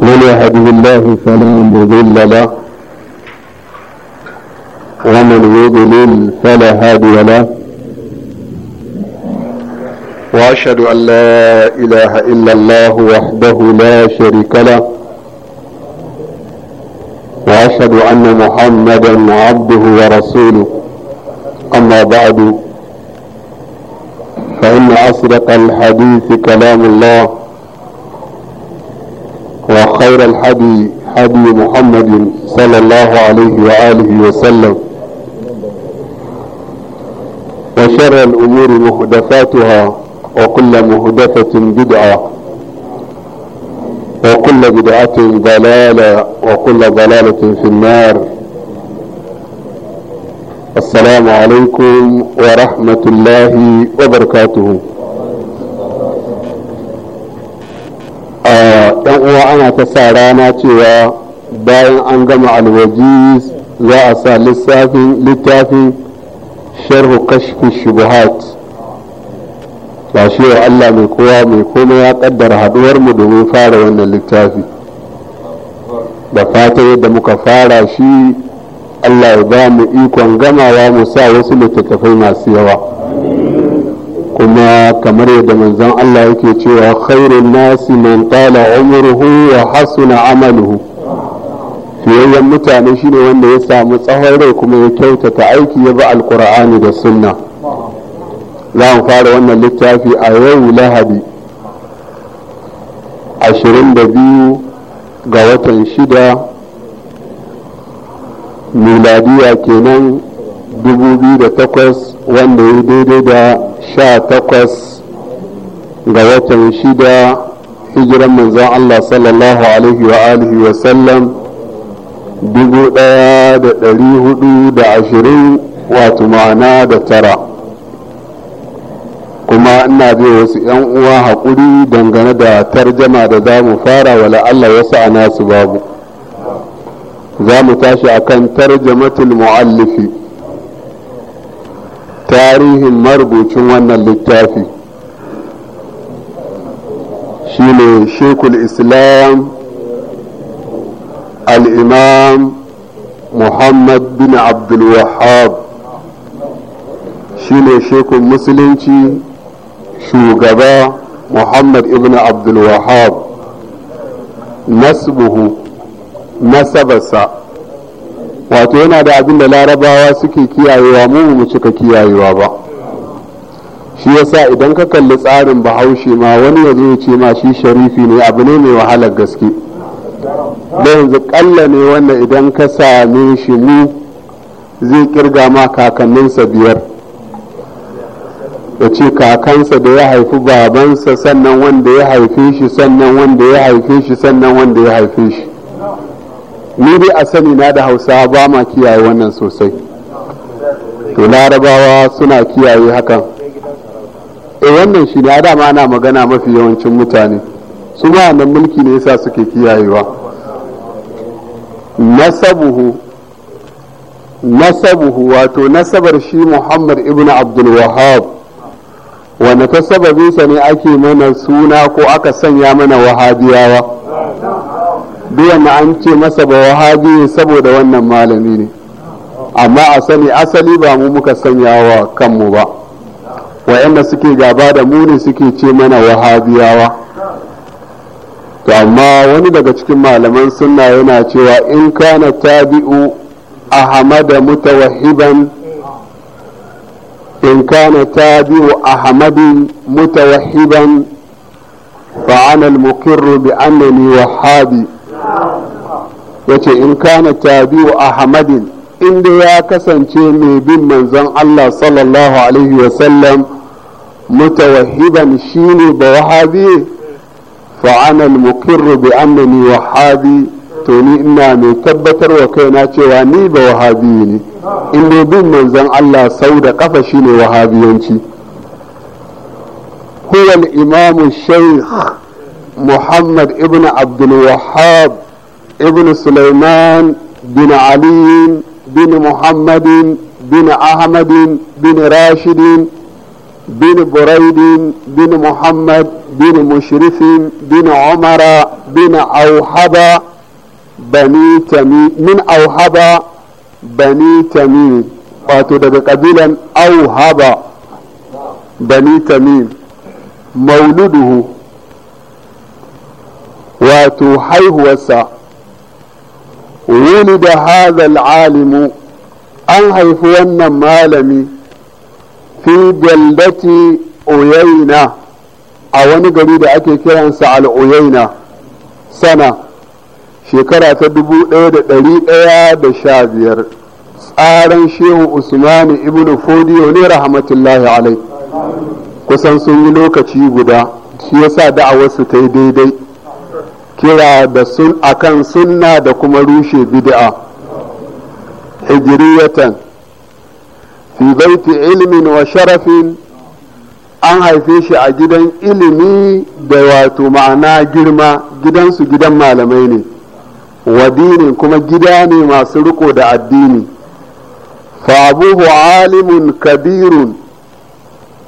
من يهده الله فلا مضل له ومن يضلل فلا هادي له واشهد ان لا اله الا الله وحده لا شريك له واشهد ان محمدا عبده ورسوله اما بعد فان اصدق الحديث كلام الله وخير الحدي حدي محمد صلى الله عليه وآله وسلم وشر الأمور مهدفاتها وكل مهدفة بدعة وكل بدعة ضلالة وكل ضلالة في النار السلام عليكم ورحمة الله وبركاته ɗan uwa ana ta sa rana cewa bayan an gama alwajiz za a sa lissafin littafin sharhu kashfi shubuhat ba shi wa Allah mai kowa mai koma ya kaddara haduwar mu domin fara wannan littafi da fata yadda muka fara shi Allah ya ba mu ikon gamawa mu sa wasu littattafai masu yawa kuma kamar yadda manzon Allah yake cewa khairun nasi man qala umruhu wa hasuna amaluhu fiyayyen mutane shine wanda ya samu tsawon rai kuma ya kyautata aiki ya bi alkur'ani da sunna za mu fara wannan littafi a yau lahadi 22 ga watan shida miladiya kenan 2008 wanda ya daidai da 18 ga watan shida hijiran manzan Allah sallallahu alaihi wa alihi wa sallam 1420 wato ma'ana da tara kuma ina bai wasu 'yan uwa haƙuri dangane da tarjama da za mu fara wala Allah wasu a nasu babu za mu tashi akan tarjamatul mu'allifi tarihin marubucin wannan littafi ne shekul islam al'imam muhammad bin abdulwahab shine shekul musulunci shugaba muhammad ibn abdulwahab nasbuhu nasabarsa wato yana da abin da larabawa suke kiyayewa mu mu cika kiyayewa ba shi yasa idan ka kalli tsarin bahaushe ma wani ya zo ce ma shi sharifi ne abu ne mai wahalar gaske da yanzu kalla ne wanda idan ka same shi mu zai kirga ma kakanninsa biyar Ya ce kakansa da ya haifi babansa sannan wanda ya haife shi sannan wanda ya haife shi sannan wanda ya haife shi ni dai a sani na da hausa ba ma kiyaye wannan sosai to larabawa suna kiyaye hakan e wannan shi ne dama ana magana mafi yawancin mutane su ma nan mulki ne yasa suke kiyayewa nasabuhu nasabuhu wato nasabar shi muhammad ibn Abdulwahab, wahab wanda ta sababinsa ne ake mana suna ko aka sanya mana wahabiyawa biyan an ce masa ba wahabi saboda wannan malami ne amma a sani asali ba mu muka sanya wa kanmu ba wa'anda suke gaba da mu ne suke ce mana wahabiyawa to amma wani daga cikin malaman sunna yana cewa in kana tabi'u ahmada mutawahiban in kana tabi'u ne wahabi. al-muqirru bi annani wahabi wace in kana tabi'u ahmadin inda ya kasance mai bin manzon Allah sallallahu alaihi sallam mutawahhiban shine ba wahabi fa ana al-muqirru bi annani wahabi to ni ina mai tabbatar wa kaina cewa ni ba wahabi ne inda bin manzon Allah sau da kafa shine wahabiyanci huwa al-imam shaykh Muhammad ibn Abdul Wahhab ابن سليمان بن علي بن محمد بن أحمد بن راشد بن بريد بن محمد بن مشرف بن عمر بن أوحب بني تميم من أوحب بني تميم wato قبيلا ƙabilan بني تميم مولده واتو حيه haihuwarsa ولد هذا العالم an haifi wannan malami fi galdati oyaina a wani gari da ake kiransa al'oyaina sana shekara ta da biyar tsaran shehu usmani ibn fodiyo ne rahmatullahi alai kusan sun yi lokaci guda shi yasa da'awarsu ta yi daidai kira da sun akan sunna da kuma rushe bid'a hijriyatan fi baiti ilmin wa sharafin an haife shi a gidan ilimi da wato ma'ana girma gidansu gidan malamai ne wa dinin kuma gida ne masu riko da addini fa abuhu alimun kabirun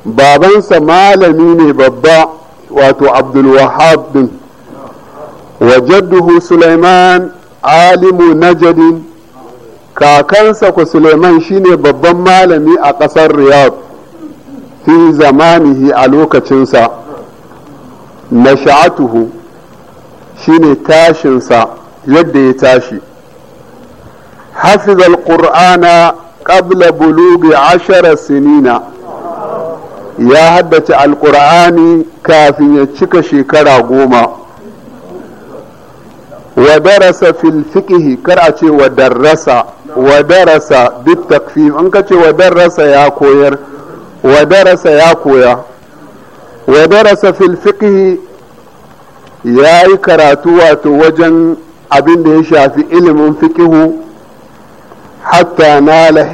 babansa malami ne babba wato abdulwahab din وجده سليمان عالم نجد kakansa ku Suleiman shine babban malami a ƙasar Riyadh fi zamanihi a lokacinsa na sha'atuhu shine tashinsa yadda ya tashi hafizal qur'ana qabla bulugi ashara sinina ya haddace alƙur'ani kafin ya cika shekara goma wa darasa fil fiqh kar a ce wa darasa wa darasa bit takfif an ka ce wa darasa ya koyar wa darasa ya koya wa darasa fil fiqh ya yi karatu wato wajen abin da ya shafi ilimin fikihu hatta nala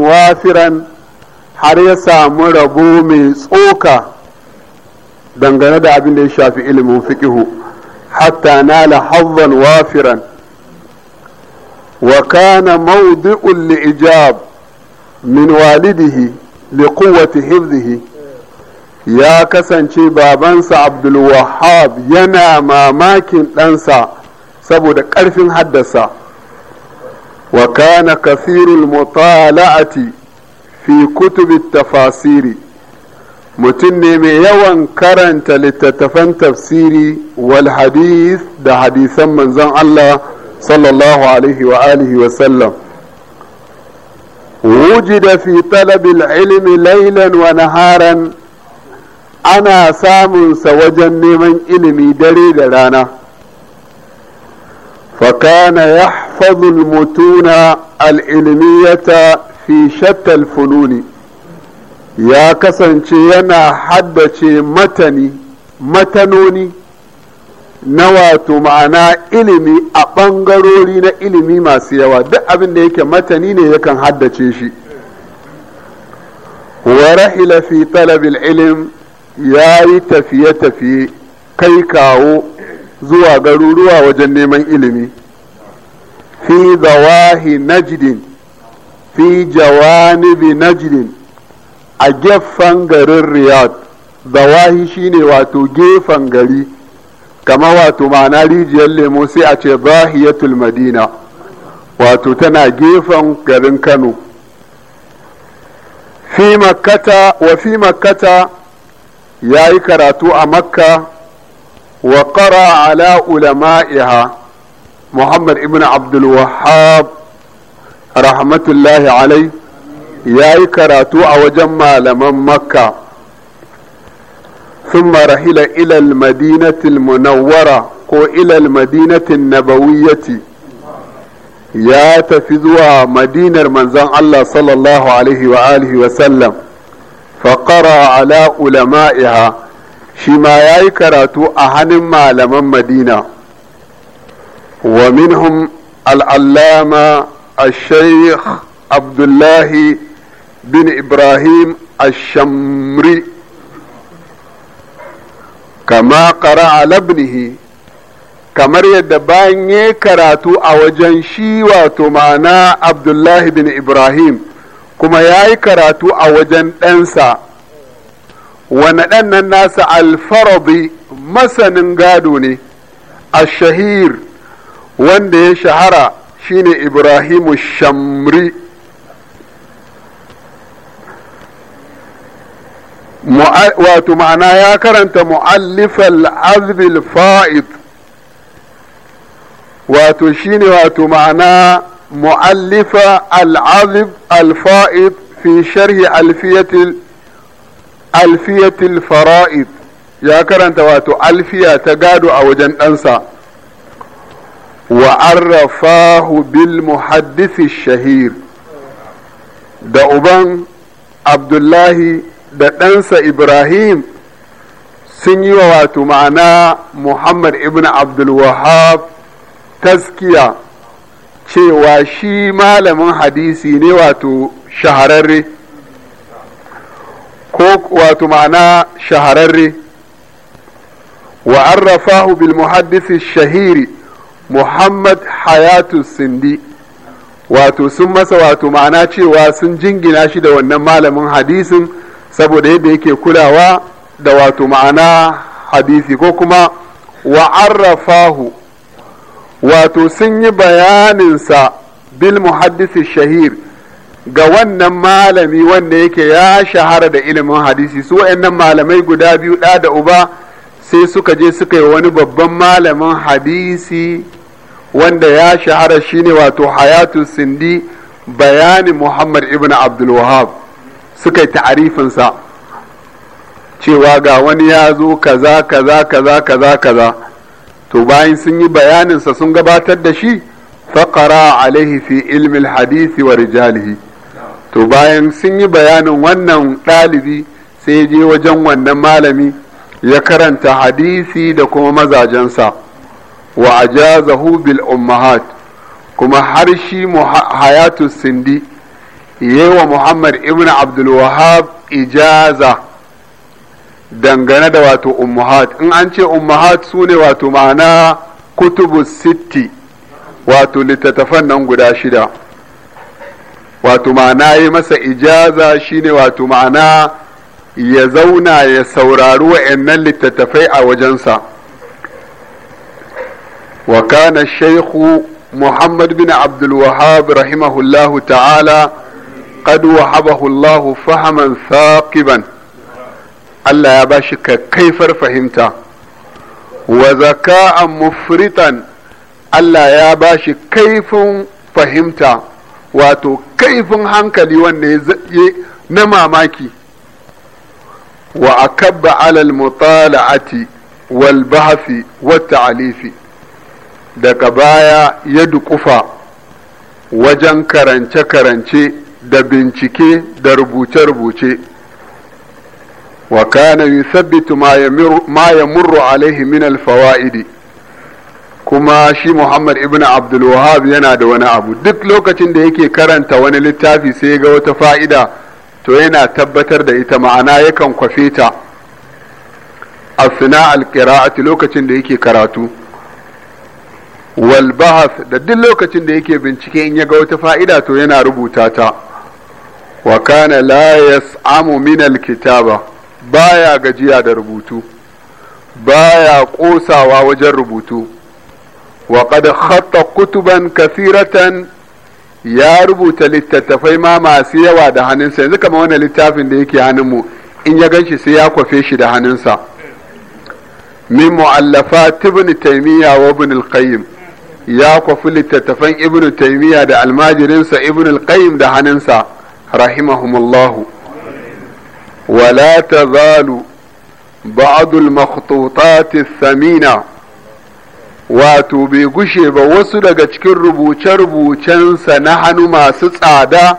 wafiran har ya samu rabo mai tsoka dangane da abin da ya shafi ilimin fiƙihu, hatta nala hazzan wafiran wa kana mawdi'un li'ijab min walidihi liquwwati hifzihi ya kasance babansa abdulwahab yana mamakin ɗansa saboda ƙarfin haddasa wa kana kasirul mutala'ati fi kutubi tafasiri mutum ne mai yawan karanta littattafan tafsiri wal hadith da hadisan manzon Allah sallallahu alaihi wa alihi wa sallam fi talabil ilmi laylan wa naharan ana samunsa wajen neman ilimi dare da rana فكان يحفظ المتون العلمية في شتى الفنون ya kasance yana haddace matani matanoni na wato ma'ana ilimi a ɓangarori na ilimi masu yawa duk abin da yake matani ne yakan haddace shi wa fi talabil ilim ya yi tafiye-tafiye kai kawo zuwa garuruwa wajen neman ilimi fi zawahi najdin fi jawanibi najdin a gefen garin riyadh zawahi shine wato gefen gari kama wato ma'ana rijiyar lemo sai a ce zahiyatul madina wato tana gefen garin kano fi makkata wa fi makkata ya yi karatu a makka wa ƙara ala ulama'iha muhammad ibn abdul wahab rahmatullahi alai ya yi karatu a wajen malaman makka sun rahila ilal madinatil munawwara ko ilal madinatin nabawiyyati ya tafi zuwa madinar manzon Allah sallallahu alaihi wa alihi wa sallam faƙara ala ulama'iha shi ma ya yi karatu a hannun malaman madina wa minhum al'allama الشيخ عبد abdullahi bin Ibrahim الشمري كما قرأ على ابنه kamar yadda bayan ya karatu a wajen shi wato ma'ana abdullahi bin ibrahim kuma ya yi karatu a wajen ɗansa wani ɗan nan nasa alfarobi masanin gado ne a shahir wanda ya shahara shine ibrahimu shamri wato ma'ana ya karanta mu'allifal azbil fa'id wato shine wato ma'ana mu'allifa al'azib al-fa'id fi sharhi alfiyatil fara'id ya karanta wato alfiya ta gado a wajen ɗansa wa'arrafahu bil muhaddisi shahir da uban abdullahi da ɗansa ibrahim sun yi wa wato ma'ana muhammad ibn abdulwahab taskiya cewa shi malamin hadisi ne wato shahararre ko wato ma'ana shahararre wa arrafahu bil muhaddisi shahiri muhammad hayatu sindi wato sun masa wato ma'ana cewa sun jingina shi da wannan malamin hadisin saboda yadda yake kulawa da wato ma'ana hadisi ko kuma wa arrafahu wato sun yi bayaninsa bil muhaddisi shahir ga wannan malami wanda yake ya shahara da ilimin hadisi su wa'annan malamai guda biyu ɗa da uba sai suka je suka yi wani babban malamin hadisi wanda ya shahara shine wato hayatu sindi bayani muhammad ibn abdul wahab suka yi ta'arifinsa cewa ga wani ya zo kaza kaza kaza kaza kaza to bayan sun yi bayaninsa sun gabatar da shi faƙara alaihi fi ilmin hadisi wa rijalihi to bayan sun yi bayanin wannan ɗalibi sai je wajen wannan malami ya karanta hadisi da kuma mazajensa wa ajazahu bil ummahat kuma har shi hayatu sindi yewa Muhammad ibn Abdulwahab ijaza dangane da wato ummahat in an ce ummahat su ne wato ma'ana kutubu sitti wato littattafan nan guda shida wato ma'ana yi masa ijaza shine wato ma'ana ya zauna ya saurari wa'annan littattafai a wajensa wa kana shaikhu muhammad bin Abdulwahab rahimahullahu ta'ala qad wahabahu Allah fahaman saqiban Allah ya bashi kakkaifar fahimta wa zaka'an mufritan Allah ya bashi kaifin fahimta wato kaifin hankali wanda ya na mamaki wa akabba alal mutala'ati wal bahfi wat ta'alifi daga baya ya duƙufa wajen karance-karance da bincike da rubuce-rubuce wa kana yusabbitu ma yamurru alaihi min alfawa'idi kuma shi Muhammad ibn Abdul Wahab yana da wani abu duk lokacin da yake karanta wani littafi sai ga wata fa'ida to yana tabbatar da ita ma'ana yakan kwafe ta asna alqira'ati lokacin da yake karatu wal da duk lokacin da yake bincike in ya ga wata fa'ida to yana rubuta ta wa kana la yas'amu min alkitaba baya gajiya da rubutu baya kosawa wajen rubutu wa qad khatta kutuban kathiratan ya rubuta littattafai ma masu yawa da hannunsa yanzu kamar wannan littafin da yake hannunmu in ya ganshi sai ya kwafe shi da hannunsa min mu'allafat ibn taymiya wa ibn al ya kwafi littattafan ibn taymiya da almajirinsa ibn al da hannunsa رحمهم الله ولا تزال بعض wato bai gushe ba wasu daga cikin rubuce-rubucensa na hannu masu tsada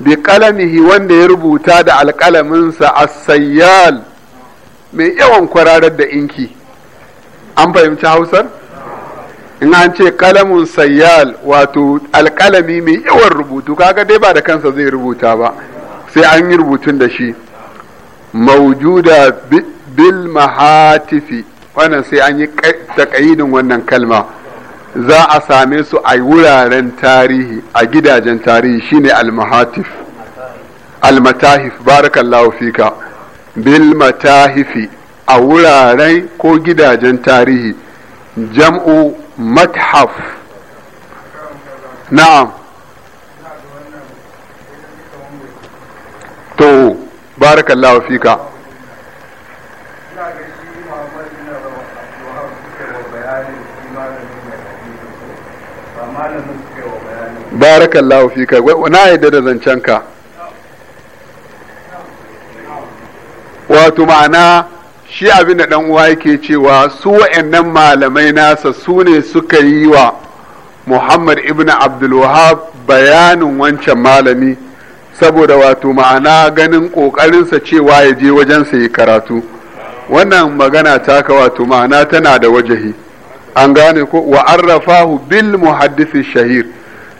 bi kalamihi wanda ya rubuta da alƙalaminsa a sayyal mai yawan kwararar da inki an fahimci hausar in an ce kalamun sayyal wato alkalami mai yawan rubutu kaga dai ba da kansa zai rubuta ba sai an yi rubutun da shi maujuda bil mahatifi wannan sai an yi takayidin wannan kalma za a same su a wuraren tarihi a gidajen tarihi shine almahatif almatahif barakallahu fika bil matahifi a wuraren ko gidajen tarihi jam'u متحف نعم تو بارك الله فيك بارك الله فيك وانا يدد زنشنك واتو معناه shi abin da dan uwa yake cewa su wa'annan malamai nasa su ne suka yi wa Muhammad ibn Abdulwahab bayanin wancan malami saboda wato ma'ana ganin ƙoƙarinsa cewa ya je wajensa yi karatu wannan magana taka wato ma'ana tana da wajahi an gane ko wa arrafahu bil muhaddisi shahir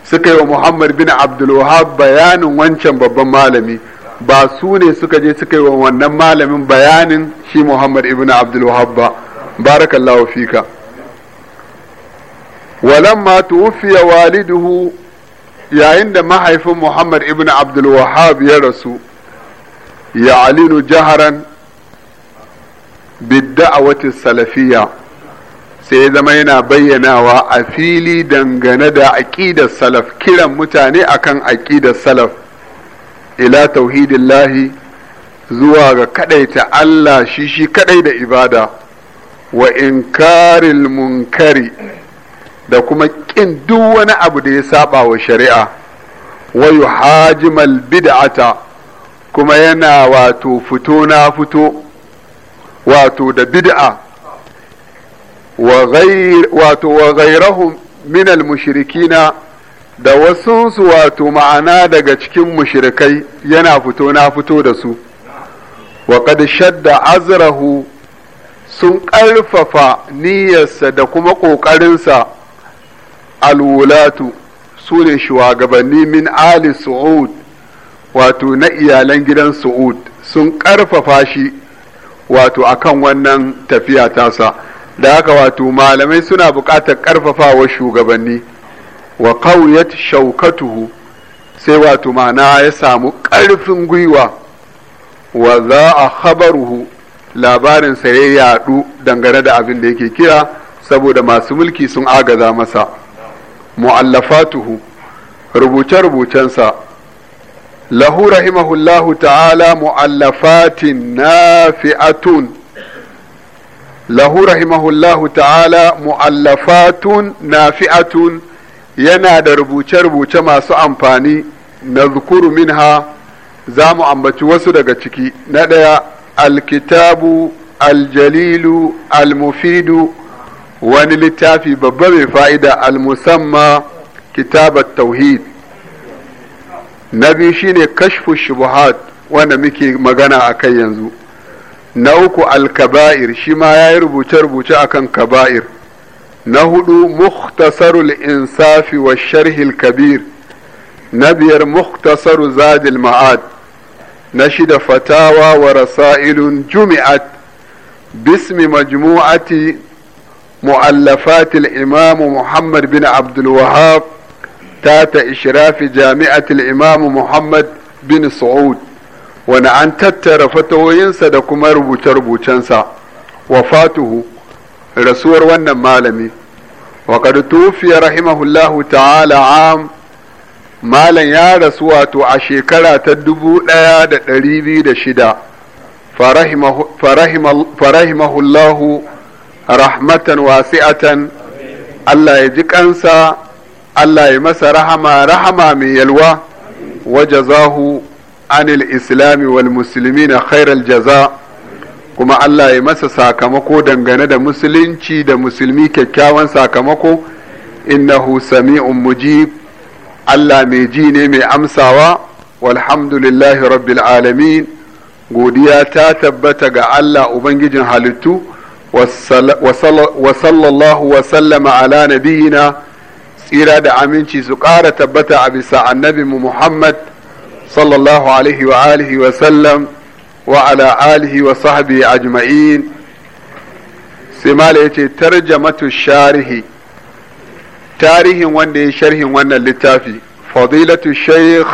suka yi wa Muhammad bin Abdulwahab bayanin wancan babban malami ba su ne suka je suka yi wa wannan malamin bayanin shi Muhammad ibn Abdul Wahhab ba barakallahu fika walamma tuwfiya waliduhu yayin da mahaifin Muhammad ibn Abdul Wahhab ya rasu ya alinu jaharan bidda'awati salafiyya sai ya zama yana bayyanawa a fili dangane da aƙidar salaf kiran mutane akan aƙidar salaf ila tauhidillahi zuwa ga kadaita Allah shi shi kadai da ibada wa inkaril munkari da kuma kin duk wani abu da ya saba wa shari'a wa yuhajimal bid'ata kuma yana wato fito na fito wato da bid'a wa wato wa ghairahum min al mushrikina da wasu su wato ma'ana daga cikin mushrikai yana fito na fito da su wa kad shadda azrahu sun ƙarfafa niyyarsa da kuma ƙoƙarinsa alwulatu su ne shugabanni min ali su'ud wato na iyalan gidan su'ud sun ƙarfafa shi wato akan wannan tafiya tasa da haka wato malamai suna buƙatar ƙarfafawa shugabanni wa kawiyat shaukatuhu sai wato ma'ana ya samu ƙarfin gwiwa wa za a khabaruhu labarinsa ya yadu dangane da abin da yake kira saboda masu mulki sun agaza masa mu'allafatuhu rubuce-rubucensa lahu rahimahullahu ta'ala mu'allafatin nafi'atun lahu rahimahullahu ta'ala mu'allafatun nafi'atun yana da rubuce-rubuce masu amfani na zukuru minha za mu ambaci wasu daga ciki na ɗaya alkitabu aljalilu almufidu wani littafi babba mai fa'ida almusamma kitabar tauhid na biyu shine kashfu shubuhat wanda muke magana a kai yanzu na uku alkaba'ir shi ma ya yi rubuce-rubuce akan kaba'ir na hudu mukhtasarul insafi wa sharhil kabir na biyar mukhtasaru zadil ma'ad na shida fatawa wa rasailun jumi'at bismi majmu'ati mu'allafatil imamu muhammad bin abdulwahab tata ishrafi jami'atil imamu muhammad bin su'ud wani an tattara fatawoyinsa da kuma rubuce-rubucensa fatuhu? rasuwar wannan malami وقد توفي رحمه الله malam ya rasu wato a shekara ta dubu ɗaya da ɗari biyu da shida farahimahullahu rahmatan wasi'atan Allah ya ji kansa Allah ya masa rahma rahama mai yalwa wajazahu jazahu anil islami wal muslimina khairal jaza' kuma Allah ya masa sakamako dangane da musulunci da musulmi kyakkyawan sakamako innahu sami'un mujib Allah mai ji ne mai amsawa walhamdulillahi rabbil alamin godiya ta tabbata ga Allah ubangijin halittu wa sallallahu wa sallama ala nabiyina tsira da aminci su ƙara tabbata a bisa mu Muhammad sallallahu alaihi wa alihi wa sallam وعلى آله وصحبه أجمعين سمال يتي ترجمة الشارح تاريخ وندي شرح ون للتافي فضيلة الشيخ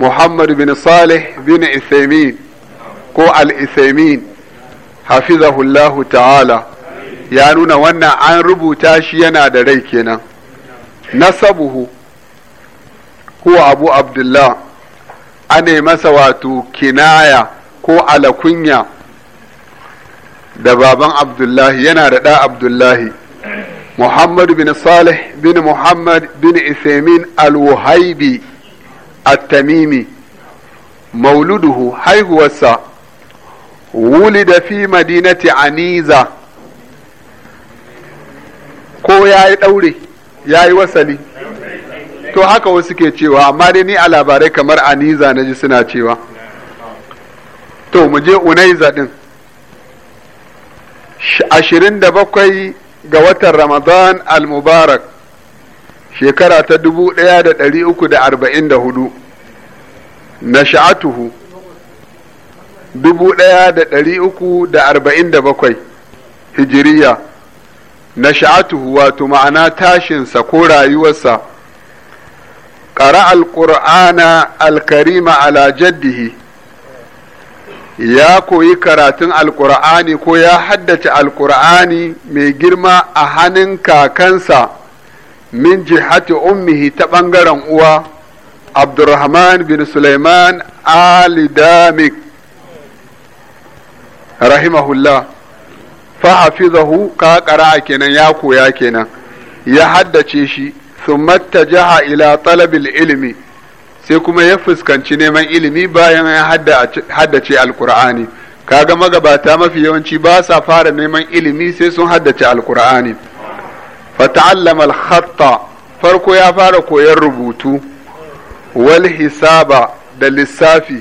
محمد بن صالح بن إثيمين كو الإثيمين حفظه الله تعالى ya nuna wannan an rubuta shi yana da rai kenan nasabuhu huwa abu abdullah ane masa wato kinaya ko alakunya da baban abdullahi yana da ɗa abdullahi muhammad bin salih bin muhammad bin isamin al-wuhaibi at-tamimi mauluduhu haihuwarsa wulida fi madinati aniza ko ya yi ɗaure ya yi wasali to haka wasu ke cewa amma dai ni a labarai kamar aniza na ji suna cewa to mu je unaiza din ashirin da bakwai ga watan ramadan al-mubarak shekara ta dubu daya da dari uku da arba'in da hudu na sha'atuhu dubu daya da dari uku da arba'in da bakwai hijiriya na sha'atuhu wato ma'ana tashinsa ko rayuwarsa ƙara al-ƙur'ana al-karima ala jaddihi ya koyi karatun alkur'ani ko ya haddace alkur'ani mai girma a hannun kakansa min jihati ummihi ta ɓangaren uwa abdurrahman bin suleiman ali damik rahimahullah fahafizahu ka a kenan ya koya kenan ya haddace shi sun jiha ila talabil ilimi sai kuma ya fuskanci neman ilimi bayan ya haddace alkur'ani kaga magabata mafi yawanci ba sa fara neman ilimi sai sun haddace alkur'ani fata'allama al-khatta farko ya fara koyar rubutu wal hisaba da lissafi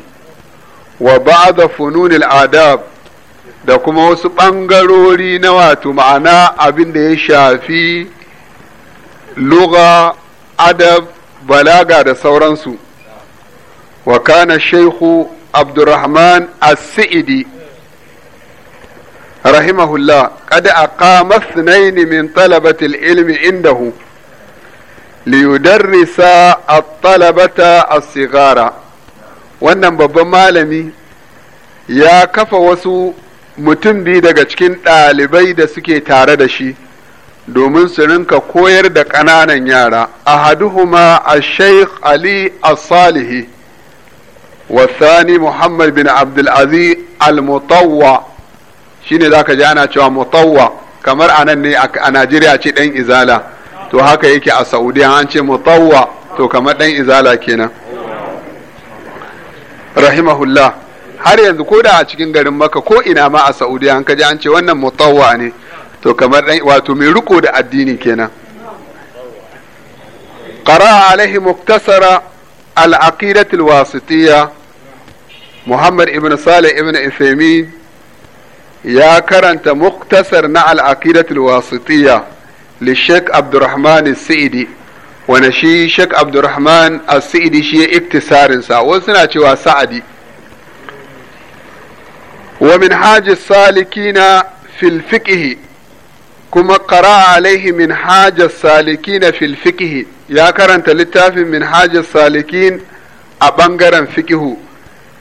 wa ba'da fununil adab da kuma wasu ɓangarori na wato ma'ana abin da ya shafi lugha adab balaga da sauransu wa kana shaykhu abdurrahman as-sa'idi rahimahullah qad aqama ithnayn min talabati al-ilmi indahu ليدرس a sigara. wannan babban malami ya kafa wasu mutum biyu daga cikin ɗalibai da suke tare da shi domin su rinka koyar da ƙananan yara ahaduhuma a sheikh ali as-salihi والثاني محمد بن عبد العزيز المطوع shine zaka ji ana مطوع mutawwa kamar ني ne a Najeriya ce dan izala to haka yake a Saudiya an ce mutawwa to kamar dan izala kenan rahimahullah har yanzu ko da a cikin garin maka ko ina ma a Saudiya an kaji an ce wannan mutawwa ne to kamar dan wato mai riko da addini kenan qara alaihi muktasara al'aqidatul wasitiyya Muhammad ibn Salih ibn Isaimin ya karanta muktasar na al'aqidatul wasitiyya li Sheikh Abdurrahman Sa'idi wanda shi Sheikh Abdurrahman Sa'idi shi ya iktisarinsa wasu suna cewa Sa'adi wa min haji salikina fil fiqhi kuma qara alaihi min haji salikina fil ya karanta littafin min hajjar salikin a ɓangaren fikihu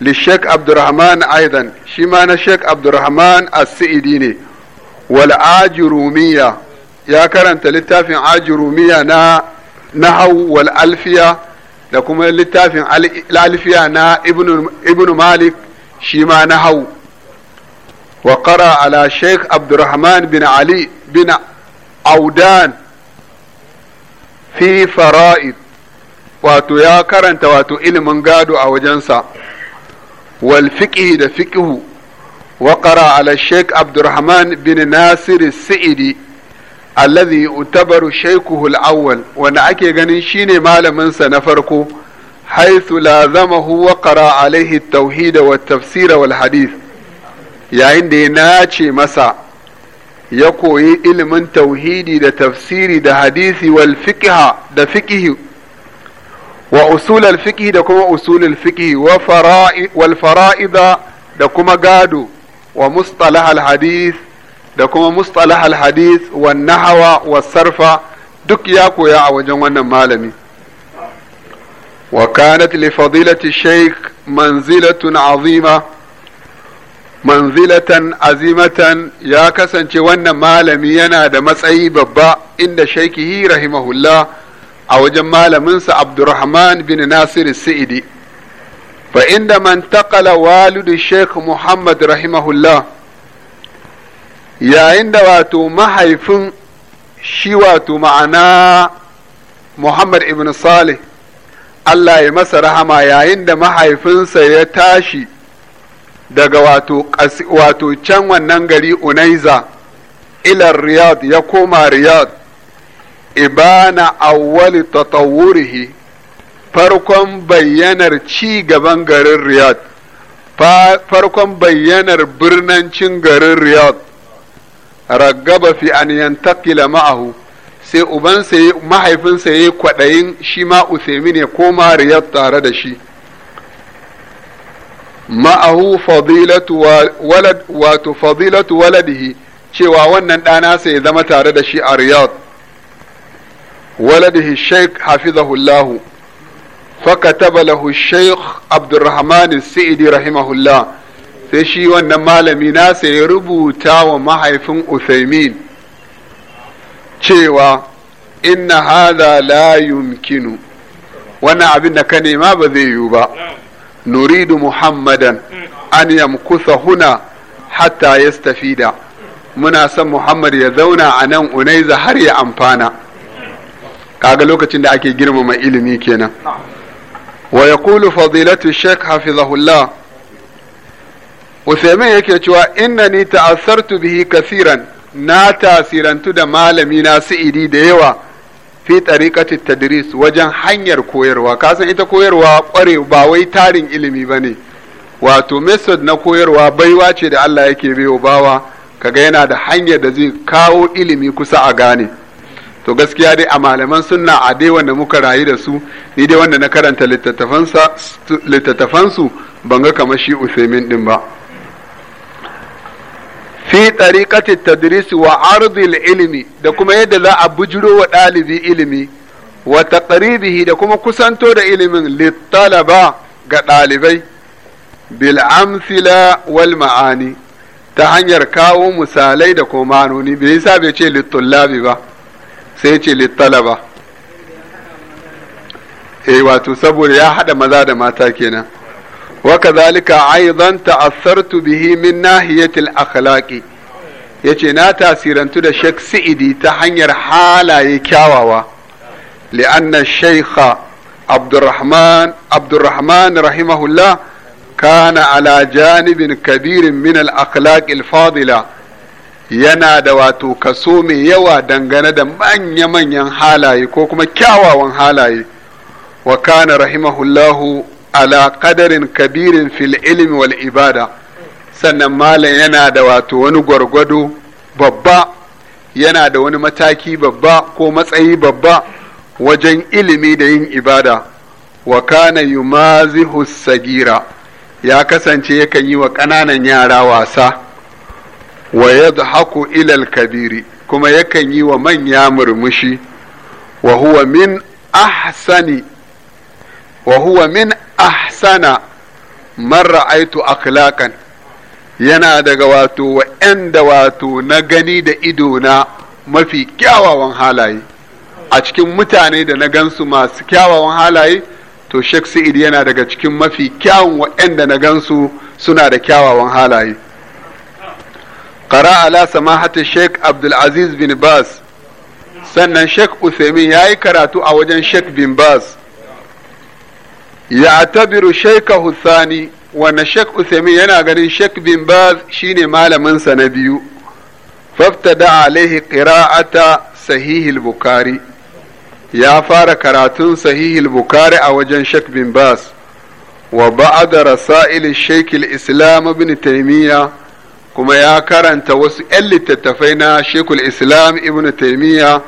li sheikh abdurrahman aidan shi ma na sheikh abdurrahman as-sa'idi ne wal ya karanta littafin ajrumiyya na nahaw wal alfiya da kuma littafin alfiya na ibnu malik shi ma nahaw wa qara ala sheikh abdurrahman bin ali bin audan fi fara'id wato ya karanta wato ilimin gado a wajensa wal fiqhi da fiqhu wa qara ala Sheikh Abdurrahman bin Nasir Sa'idi alladhi yutabaru shaykhuhu al-awwal wanda ake ganin shine malamin sa na farko haythu lazamahu wa qara alaihi at-tauhid wa tafsir wal hadith yayin da ya nace masa ya koyi ilimin tauhidi da tafsiri da hadisi wal fiqha da fiqhi wa usul al da kuma usul al fiqhi wa wal fara'ida da kuma gado wa mustalah al hadith da kuma mustalah al hadith wan nahwa sarfa duk ya koya a wajen wannan malami wa kanat li fadilati shaykh manzilatun azima manzilatan azimatan ya kasance wannan malami yana da matsayi babba inda shaikihi rahimahullah a wajen malaminsa abdurrahman bin nasir sa'idi fa inda man taqala walidu sheikh muhammad rahimahullah yayin da wato mahaifin shi wato ma'ana muhammad ibn salih Allah ya masa rahama yayin da mahaifinsa ya tashi daga wato wato can wannan gari unaiza ila riyad ya koma riyad ibana awwali tatawurihi farkon bayyanar ci gaban garin riyad farkon bayyanar birnancin garin riyad ragaba fi an yantaqila ma'ahu sai ubansa mahaifinsa ya yi kwaɗayin shi ma Uthaymin ya koma riyad tare da shi ma'ahu wato fadilatu waladihi cewa wannan ɗana sai ya zama tare da shi a riyad waladihi sheikh hafizahullahu fakataba lahu sheikh abdurrahman sa'idi rahimahullah sai shi wannan malami nasa ya rubuta wa mahaifin uthaymin cewa inna hadha la wannan abin da ka nema ba zai yiwu ba nuridu muhammadan an yamkusa huna hatta yastafida muna son muhammad ya zauna a nan unaiza har ya amfana kaga lokacin da ake girmama ilimi kenan wa yaqulu fadilatu sheikh hafizahullah Usaimin yake cewa innani ta'assartu bihi kasiran na tasirantu da malami na su'idi da yawa fi tariqati tadris wajen hanyar koyarwa kasan ita koyarwa kware ba wai tarin ilimi ba ne wato method na koyarwa baiwa ce da Allah yake biyo bawa kaga yana da hanyar da zai kawo ilimi kusa a gane to gaskiya dai a malaman sunna a dai wanda muka rayu da su ni dai wanda na karanta littattafansu ban ga kamar shi Usaimin din ba fi tariqati tadris wa arzil ilimi da kuma yadda za a bujiro wa ɗalibi ilimi wa taqribihi da kuma kusanto da ilimin littalaba ga ɗalibai bil amsila wal ma'ani ta hanyar kawo misalai da kuma manoni bai yasa bai ce littullabi ba sai ce littalaba eh wato saboda ya haɗa maza da mata kenan وكذلك أيضا تأثرت به من ناحية الأخلاق yace na tasirantu da Sheikh Sa'idi ta hanyar halaye kyawawa li'anna Sheikh Abdurrahman rahimahullah kana ala janibin kabirin min al fadila yana da wato kaso mai yawa dangane da manya-manyan halaye ko kuma kyawawan halaye wa kana rahimahullahu ala kadarin kabirin fil ilmi wal ibada sannan malam yana da wato wani gwargwado babba yana da wani mataki babba ko matsayi babba wajen ilimi da yin ibada wa kana yumazihu sagira ya kasance yakan yi wa ƙananan yara wasa wa yadhaku ilal kabiri kuma yakan yi wa manya murmushi wa huwa min ahsani wa huwa min ahsana man ra'aitu akhlaqan yana daga wato wa'anda wato na gani da ido na mafi kyawawan halaye a cikin mutane da na gansu masu kyawawan halaye to Sheikh Sa'id yana daga cikin mafi kyawun wa'anda na gansu suna da kyawawan halaye qara'a ala سماحة Sheikh Abdul Aziz bin baz sannan Sheikh Uthaymeen ya yi karatu a wajen Sheikh bin Baz ya tabiru shaika hussani wanda shek usaimin yana ganin shek bin baz shine malaminsa na biyu faftada alaihi qira'ata sahihil bukari ya fara karatun sahihil bukari a wajen shek bin baz wa ba'da rasail shaikh islam ibn taymiya kuma ya karanta wasu 'yan littattafai na shekul islam ibn taymiya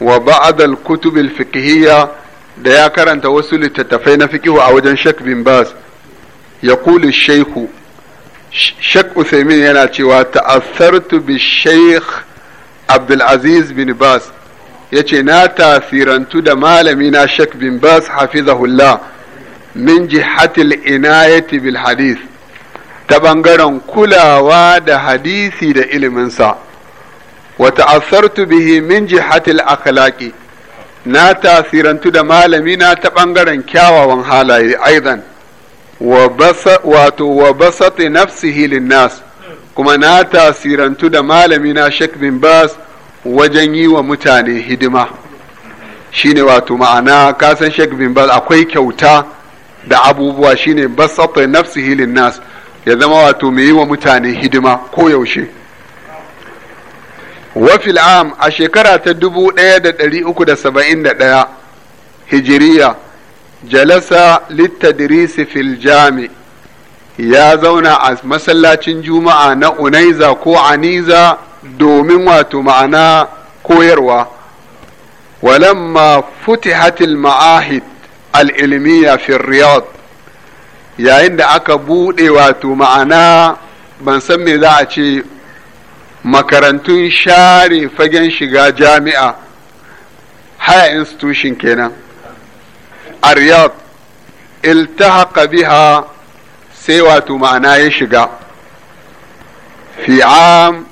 wa ba'da al-kutub al-fiqhiyya da ya karanta wasu littattafai na fikihu a wajen Sheikh bin Bas ya kuli Sheikhu Sheikh Usaimin yana cewa ta'assartu bi Sheikh Abdulaziz bin Bas yace na tasirantu da malami na Sheikh bin Bas hafizahullah min jihatil inayati bil hadith ta bangaren kulawa da hadisi da iliminsa wa ta'assartu bihi min jihatil akhlaqi na tasirantu da malamina ta ɓangaren kyawawan halaye aizan wato wa basati nafsihi linnas kuma na tasirantu da malamina Sheikh bin Bas wajen yi wa mutane hidima shine wato ma'ana kasan shek bin Bas akwai kyauta da abubuwa shine basati nafsihi linnas ya zama wato mai yi wa mutane hidima ko yaushe. wafil am a shekara ta dubu ɗaya da ɗari uku da saba'in da ɗaya hijiriya jalasa littadrisi fil jami ya zauna a masallacin juma'a na unaiza ko aniza domin wato ma'ana koyarwa walamma futihatil ma'ahid al'ilmiya fil riyad yayin da aka buɗe wato ma'ana ban san me za a ce makarantun share fagen shiga jami'a haya institution kenan a riyadh iltahaqa biha sai wato ma'ana ya shiga fi am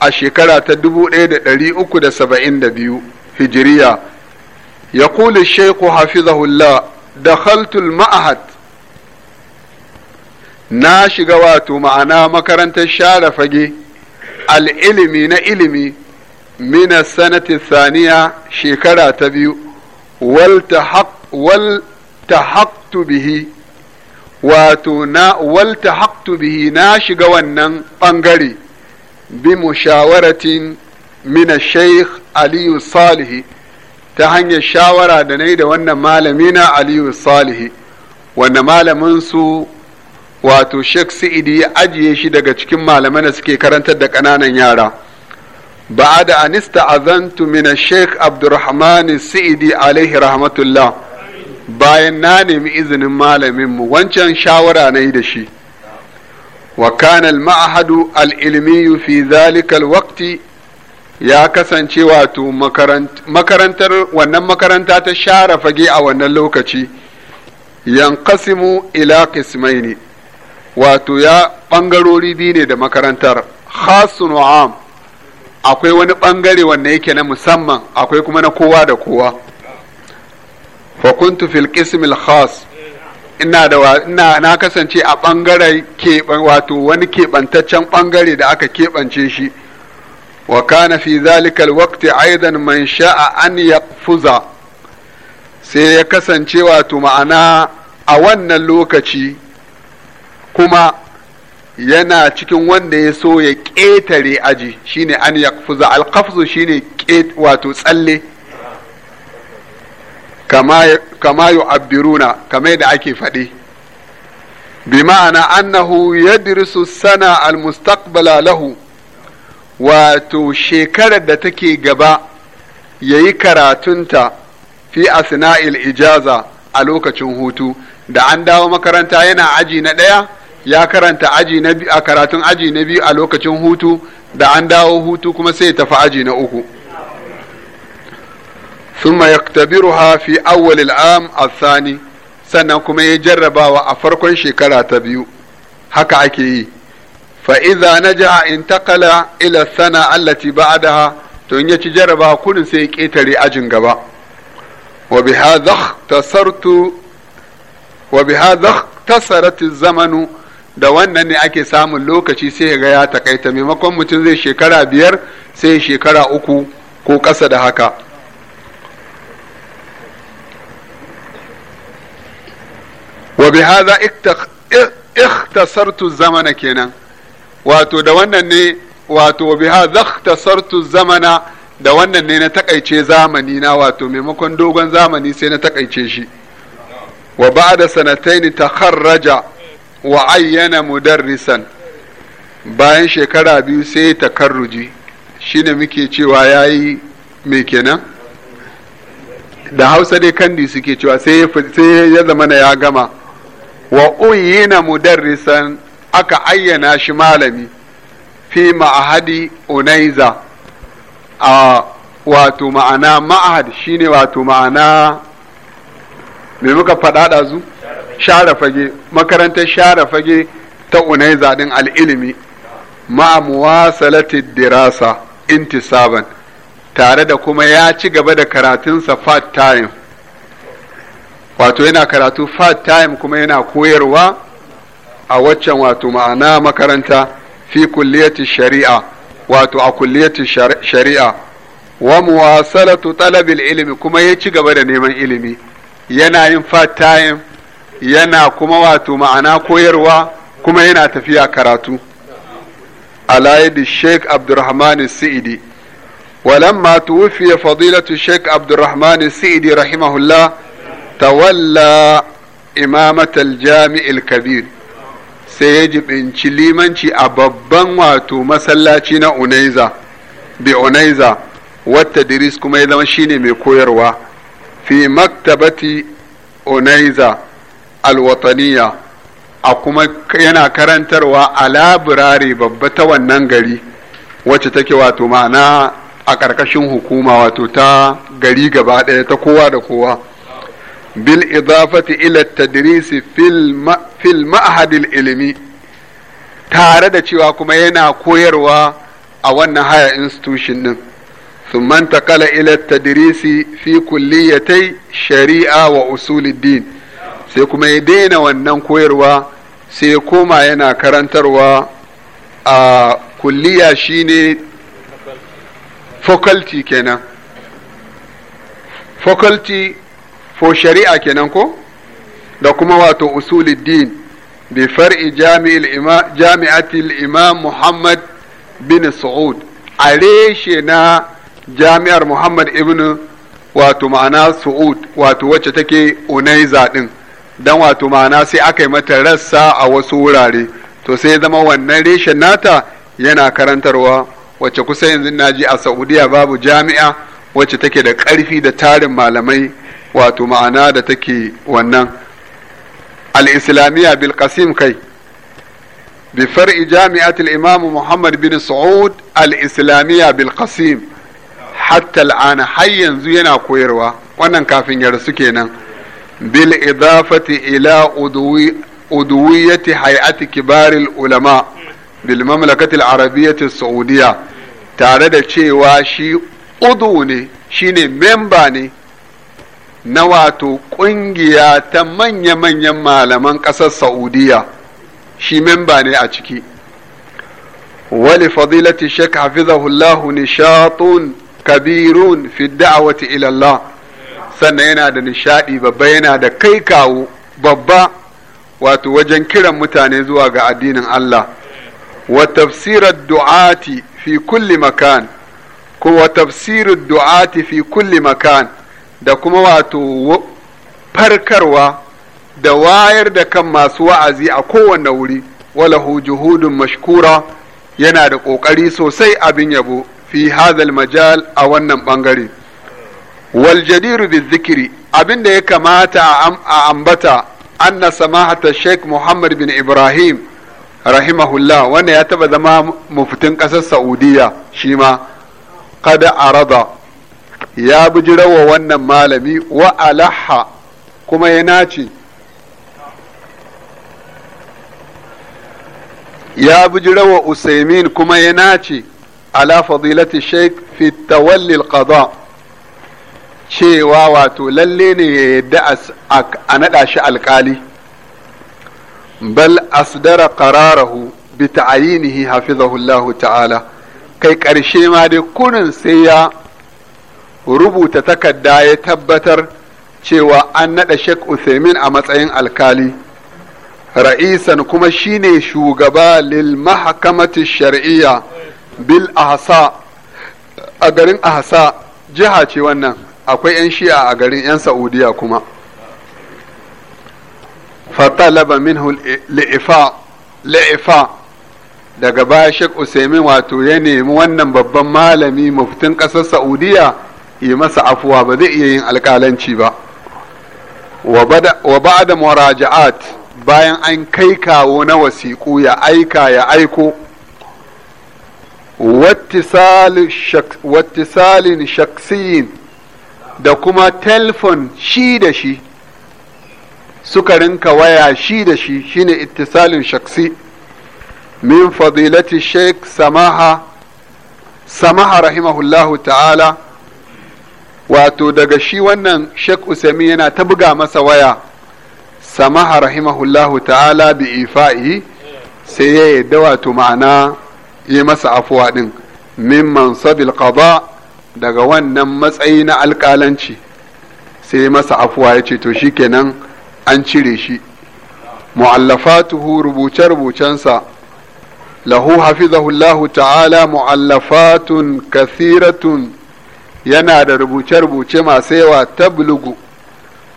a shekara ta 1372 hijiriya ya kuli shaiku hafizahullah da khaltul ma'ahad na shiga wato ma'ana makarantar share fage al'ilimi na ilimi mina sanati saniya shekara ta biyu wal tahaktu bihi wato na bihi na shiga wannan ɓangare bi mushawaratin mina sheikh aliyu salihi ta hanyar shawara da na da wannan malamina aliyu salihi wanda malamin su wato Sheikh Sa'idi ya ajiye shi daga cikin malamai da suke karantar da ƙananan yara ba'a da anista من الشيخ عبد sheikh السعدي عليه alaihi الله bayan na nemi izinin malaminmu wancan shawara na yi da shi wa kana al-ma'hadu al ilmiyyu fi dhalika al-waqti ya kasance wato makarantar wannan makaranta ta share fage a wannan lokaci yanqasimu ila qismaini wato ya ɓangarori biyu ne da makarantar khasun wa akwai wani ɓangare wanda yake na musamman akwai kuma na kowa da kowa fa fil khas ina da ina na kasance a bangare ke wato wani keɓantaccen ɓangare da aka keɓance shi wa kana fi zalikal waqti aidan man sha'a an yaqfuza sai ya kasance wato ma'ana a wannan lokaci kuma yana cikin wanda ya so ya ƙetare aji shine an yakfuza shi ne wato tsalle kama abiruna kama da ake faɗi bi ma'ana annahu yadrisu sana almustaqbala lahu wato shekarar da take gaba ya yi karatunta fi Sina'il ijaza a lokacin hutu da an dawo makaranta yana aji na ɗaya ya karanta aji na a karatun aji na biyu a lokacin hutu da an dawo hutu kuma sai ya tafi aji na uku thumma yaktabiruha fi awwal al-am ath sannan kuma ya jarrabawa a farkon shekara ta biyu haka ake yi fa idza najaha intaqala ila sana allati ba'daha to in ya ci jarrabawa kullun sai ya ketare ajin gaba wa bihadha tasartu wa bihadha tasarat az-zamanu da wannan ne ake samun lokaci sai ga ya takaita maimakon mutum zai shekara biyar sai shekara uku ko ƙasa da haka wa bi hadha ikhtasartu zamana kenan wato da wannan ne wato wa bi hadha ikhtasartu zamana da wannan ne na takaice zamani na wato maimakon dogon zamani sai na takaice shi wa ba'da sanataini takharraja wa ayyana mudarrisan bayan shekara biyu sai takarruji shine muke cewa ya yi mai kenan da hausa dai kandi suke cewa sai ya zama na ya gama wa uyyina mudarrisan aka ayyana shi malami fi ma'ahadi unaiza a wato ma'ana ma'ahad shine wato ma'ana me muka faɗa ɗazu? share fage makarantar share fage ta unai din al'ilimi ma muwasalati dirasa intisaban tare da kuma ya ci gaba da karatunsa part time wato yana karatu part time kuma yana koyarwa a waccan wato ma'ana makaranta fi kulliyati shari'a wato a kulliyati shari'a wa muwasalatu talabil ilimi kuma ya ci gaba da neman ilimi yana yin part time yana kuma wato ma'ana koyarwa kuma yana tafiya karatu alaydi sheikh abdurrahman sa'idi ولما توفي فضيلة الشيخ عبد الرحمن السعدي رحمه الله تولى إمامة الجامع الكبير سيجب إن شليمانشي أببا واتو مسلاتين أنيزة بأنيزة والتدريس كما إذا مشيني ميكويروا في مكتبة أنيزة alwataniya a kuma yana karantarwa a labirari babba ta wannan gari wacce take wato ma'ana a ƙarƙashin hukuma wato ta gari gaba ɗaya ta kowa da kowa bil idafati ila tadrisi fil ma'hadil ilimi tare da cewa kuma yana koyarwa a wannan haya institution din kala انتقل tadrisi fi في shari'a wa وأصول din. sai kuma ya daina wannan koyarwa sai ya koma yana karantarwa a kulliya shine faculty kenan faculty for shari'a kenan ko da kuma wato usuluddin bi far'i jami'atil imam muhammad bin saud a reshe na jami'ar muhammad ibn wato ma'ana saud wato wacce take unaiza din dan wato ma'ana sai aka yi mata rassa a wasu wurare to sai zama wannan reshen nata yana karantarwa wacce kusa yanzu na ji a saudiya babu jami'a wacce take da ƙarfi da tarin malamai wato ma'ana da take wannan al-islamiyya bil qasim kai muhammad Imam sa'ud Bin بن bil qasim hatta Hattal'ana har yanzu yana koyarwa. wannan kafin ya rasu kenan bil idafati ila udwiyati hay'ati kibaril ulama bil mamlakati al-arabiyyati saudiya tare da cewa shi udu ne shine memba ne na wato ƙungiya ta manya-manyan malaman ƙasar Saudiyya, shi memba ne a ciki wali fadilati shek hafizahullahu nishatun kabirun fi da'awati ilallah sannan yana da nishadi babba yana da kai kawo babba wato wajen kiran mutane zuwa ga addinin Allah wa tafsirar du'ati fi kulli makan ko wa tafsirar du'ati fi kulli makan da kuma wato farkarwa da wayar da kan masu wa'azi a kowane wuri walahu juhudun mashkura yana da ƙoƙari sosai abin yabo fi hadal majal a wannan bangare. wal jadiru bizikri abinda ya kamata a ambata anna samahata Sheikh Muhammad bin Ibrahim rahimahullah wanda ya taba zama muftin kasar Saudiya shi ma kada arada ya bijirawa wannan malami wa kuma ya nace ya bijirawa Usaimin kuma ya nace ala fadilati Sheikh fi tawalli al cewa wato lalle ne ya yadda a naɗa shi alkali bal asdara qararahu bi ta'ayinihi hafizahullahu ta'ala kai ƙarshe ma dai Kunun sai ya rubuta takarda ya tabbatar cewa an naɗa shek Uthaymin a matsayin alkali ra'isan kuma shine shugaba lil mahkamati shar'iyya bil ahsa a garin ahsa jiha ce wannan akwai 'yan shi'a a garin 'yan saudiya kuma fatalaba minhu la'ifa daga baya shek usaimin wato ya nemi wannan babban malami muftin ƙasar saudiya yi masa afuwa ba zai iya yin alƙalanci ba wa ba da muraja'at bayan an kai kawo na wasiƙu ya aika ya aiko wattisalin shaksiyin da kuma telefon shi da shi suka rinka waya shi da shi shine ittisalin shaksi min fadilati sheik samaha samaha rahimahullahu ta'ala wato daga shi wannan sheik usami yana ta buga masa waya samaha rahimahullahu ta'ala bi ifa'i sai ya yadda wato ma'ana yi masa afuwa ɗin. min mansabil qada daga wannan matsayi na alkalanci, sai masa afuwa ya ce to shi shikenan an cire shi mu'allafatuhu rubuce-rubucensa lahu hafizahu Allah ta'ala mu'allafatun kathiratun yana da rubuce-rubuce masu yawa ta bulugu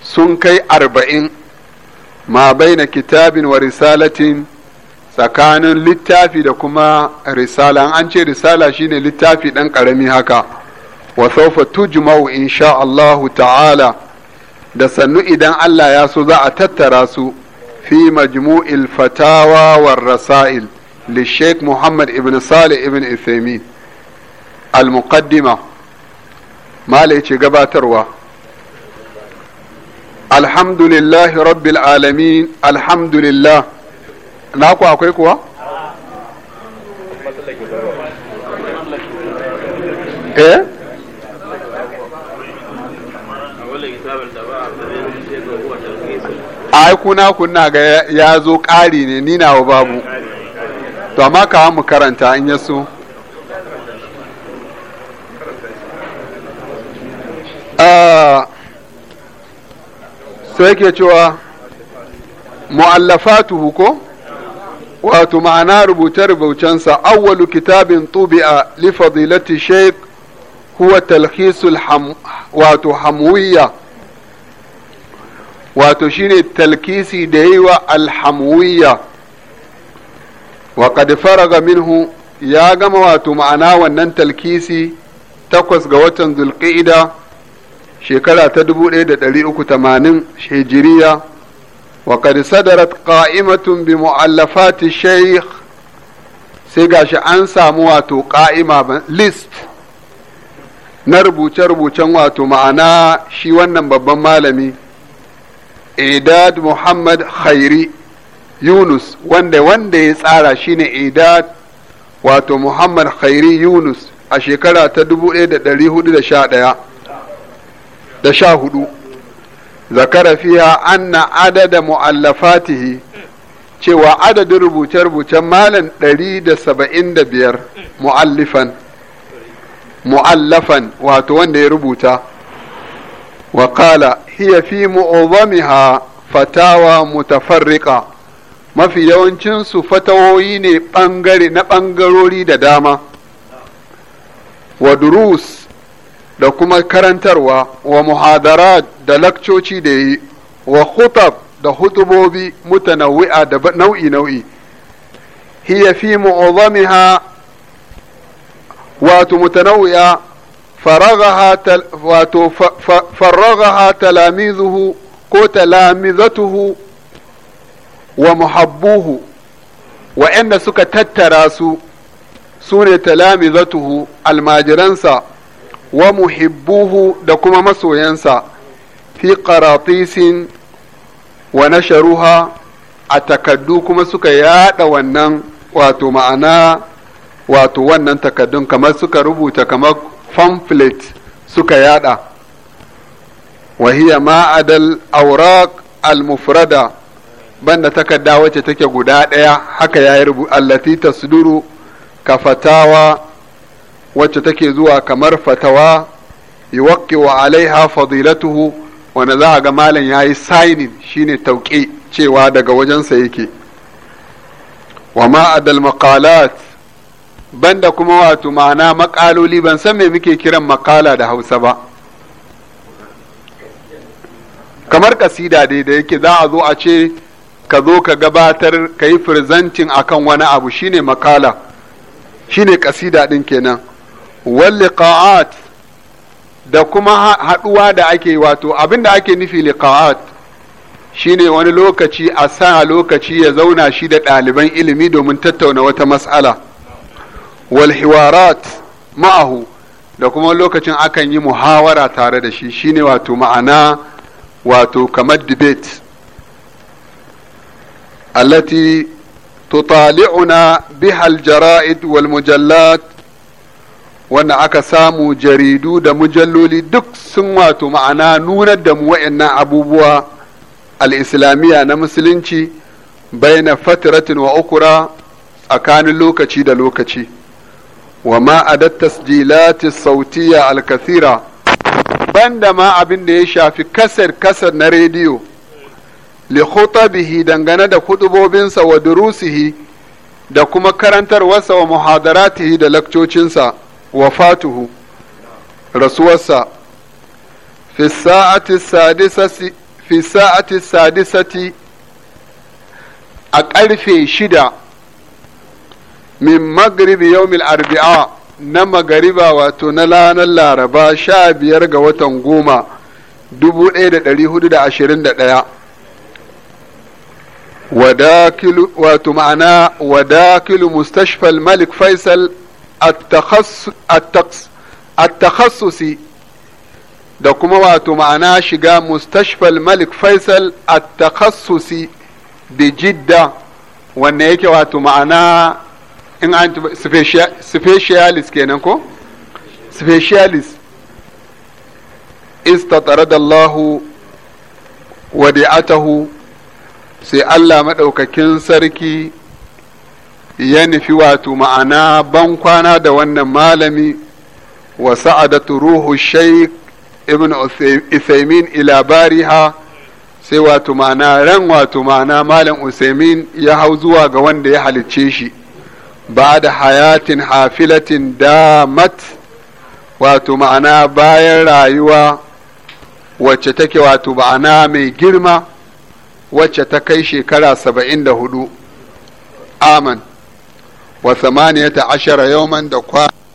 sun kai arba'in ma baina kitabin wa risalatin tsakanin littafi da kuma risala an ce risala shine littafi ɗan ƙarami haka wa sawfa tujma'u insha Allah ta'ala da sannu idan Allah ya so za a tattara su fi majmu'il fatawa war rasail li Sheikh Muhammad ibn Salih ibn Uthaymeen al-muqaddima malai ce gabatarwa alhamdulillah rabbil alamin alhamdulillah na ku akwai kuwa eh ai kuna kunna ga ya zo ƙari ne ni nawa babu to amma ka mu karanta in ya so ah, sai ke cewa mu'allafatuhu ko wato ma'ana rubuta rubucensa awwalu kitabin tubi'a li fadilati sheikh huwa talhisul wato hamwiyya wato shine talkisi da yi wa alhamwiya wa faraga minhu ya gama wato ma'ana wannan talkisi takwas ga watan zulqa'ida shekara ta 1380 hijiriya wa qad sadarat qa'imatun bi mu'allafati shaykh sai gashi an samu wato qa'ima list na rubuce-rubucen wato ma'ana shi wannan babban malami idad muhammad khairi yunus wanda wanda ya tsara shine idad wato muhammad khairi yunus a shekara ta 1411 da sha hudu zakara fiya anna adada mu'allafatihi cewa adadin rubuce-rubucen malam 175 mu'allafan wato wanda ya rubuta وقال هي في معظمها fatawa tafarriƙa. mafi yawancinsu fatawoyi ne ɓangare na ɓangarori da dama Wadurus da kuma karantarwa wa muhadarat da lakcoci da yi wa khutab da hutubobi mutanawwi'a nau'i nau'i hiya fi mu'azamiha wato mutanawwi'a فرغها تل... واتو فرغها تلاميذه كو تلامذته ومحبوه وان سك تتراسو سونة تلامذته الماجرنسا ومحبوه دكما مسوينسا في قراطيس ونشروها أتكدو كما سك يادا ونن واتو معنا واتو ونن تكدون كما سك ربوتا كما pamphlet suka yada wahiya ma'adal auraq al-mufrada banda takarda wacce take guda ɗaya haka ya yi rubu allati tasduru ka fatawa wacce take zuwa kamar fatawa yuwakki wa alaiha fadilatuhu wanda za a ga malam ya yi signing shine tauƙi cewa daga wajensa yake wa ma'adal maqalat banda kuma wato ma'ana makaloli ban san me muke kiran makala da hausa ba kamar kasida dai da yake za a zo a ce ka zo ka gabatar ka yi firzantin akan wani abu shine makala shine kasida din kenan walliqa'at da kuma haɗuwa da ake wato abin da ake nufi liqa'at shine wani lokaci a sa lokaci ya zauna shi da ɗaliban ilimi domin tattauna wata mas'ala walhiwarat ma'ahu da kuma lokacin akan yi muhawara tare da shi shine wato ma'ana wato kamar debate allati tutali'una bihal jara'id wal wanda aka samu jaridu da mujalloli duk sun wato ma'ana nunar da mu wa'annan abubuwa al'islamiya na musulunci baina fatratin wa ukura tsakanin lokaci da lokaci وما عدا التسجيلات الصوتية الكثيرة banda ma abin da ya shafi kasar-kasar na rediyo li khutabihi dangane da kudubobinsa wa durusihi da kuma karantarwarsa wa muhadaratihi da lakcocinsa wa fatuhu rasuwarsa fi sa'ati sadisati a ƙarfe shida min maghrib yawmil arbi'a na magariba wato na lanar laraba sha biyar ga watan goma dubu ɗaya da ɗari hudu da ashirin da ɗaya wato ma'ana wadakilu mustashfal malik faisal at-takhassusi da kuma wato ma'ana shiga mustashfal malik faisal at-takhassusi bi jidda wanne yake wato ma'ana in an specialist kenan ko specialist istatarada wadi'atahu sai Allah maɗaukakin sarki ya nufi wato ma'ana ban kwana da wannan malami wa sa'adatu ruhu shaykh ibn Usaimin ila bariha sai wato ma'ana ran wato ma'ana malam Usaimin ya hau zuwa ga wanda ya halicce shi ba da حياة hafilatin damat wato ma'ana bayan rayuwa wacce take wato ma'ana mai girma wacce ta kai shekara saba'in da hudu aman wa samaniyata ashara yauman da kwa